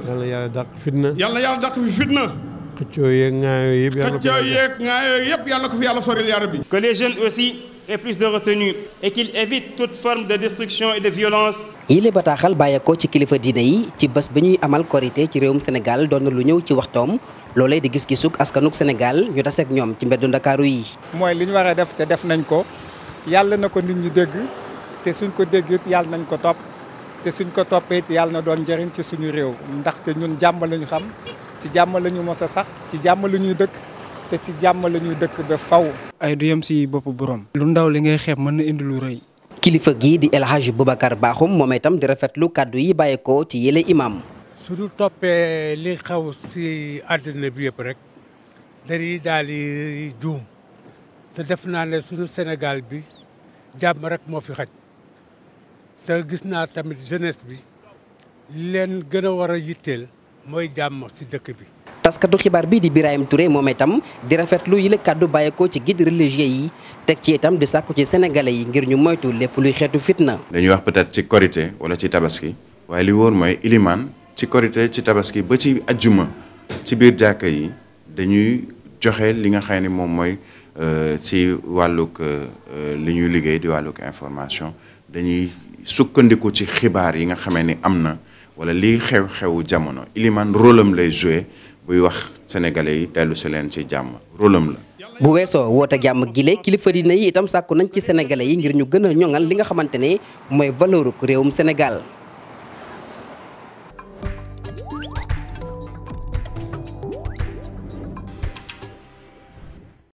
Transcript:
yàlla yàlla dàq fi fitna. xëccoo yeeg ŋaayoo yëpp yàlla ko xëccoo yeeg ŋaayoo yëpp yàlla ko fi yàlla soril yaa rabbi. que les aussi aient plus de retenue et qu'ils évitent toute forme de destruction et de violence. yile bataaxal bàyyeekoo ci kilifa diine yi ci bas bi ñuy amal korité ci réewum senegal doon na lu ñëw ci waxtoom loolee di gis-gisug askanug Sénégal ñu taseeg ñoom ci mbeddu ndakaaru yi. mooy li ñu waree def te def nañ ko yàlla na ko nit ñi dégg. te suñ ko dégg it yàlla nañ ko topp te suñ ko toppee it yàlla na doon njariñ ci suñu réew ndaxte ñun jàmm lañu xam ci jàmm la ñu mos a sax ci jàmm la ñuy dëkk te ci jàmm la ñuy dëkk ba faw ay du yem si boppu borom. lu ndaw li ngay xeeb mën na indi lu rëy. kilifa gii di El Hadj baaxum Bakhoum moom itam di rafetlu kàddu yi bàyyeekoo ci yële imam. suñu toppee li xaw si àddina bi yëpp rek dañuy daal di juum te def naa ne suñu Sénégal bi jàmm rek moo fi xaj. te gis naa tamit jeunesse bi li leen gën a war a yitteel mooy jàmm ci dëkk bi. taskatu xibaar bii di Birahim Touré moom itam di rafetlu yi la kàddu bàyyeekoo ci guide religieux yi teg ci itam di sàkku ci sénégalais yi ngir ñu moytu lépp luy xeetu fitna. dañuy wax peut-être ci korité wala ci tabaski waaye li wóor mooy ilimaan ci korité ci tabaski ba ci ajjuma ci biir jàkka yi dañuy joxe li nga xam ni moom mooy euh, ci wàllug euh, li ñuy liggéey di wàlluk information dañuy. sukkandiku ci xibaar yi nga xamee ni am na wala lii xew-xewu jamono Ilimane rôle lay joué buy wax sénégalais yi dellu si leen ci jàmm rôle la. bu weesoo woote jàmm gile kilifa diine yi itam sàkku nañ ci sénégalais yi ngir ñu gën a ñoŋal li nga xamante ne mooy valeuru réewum Sénégal.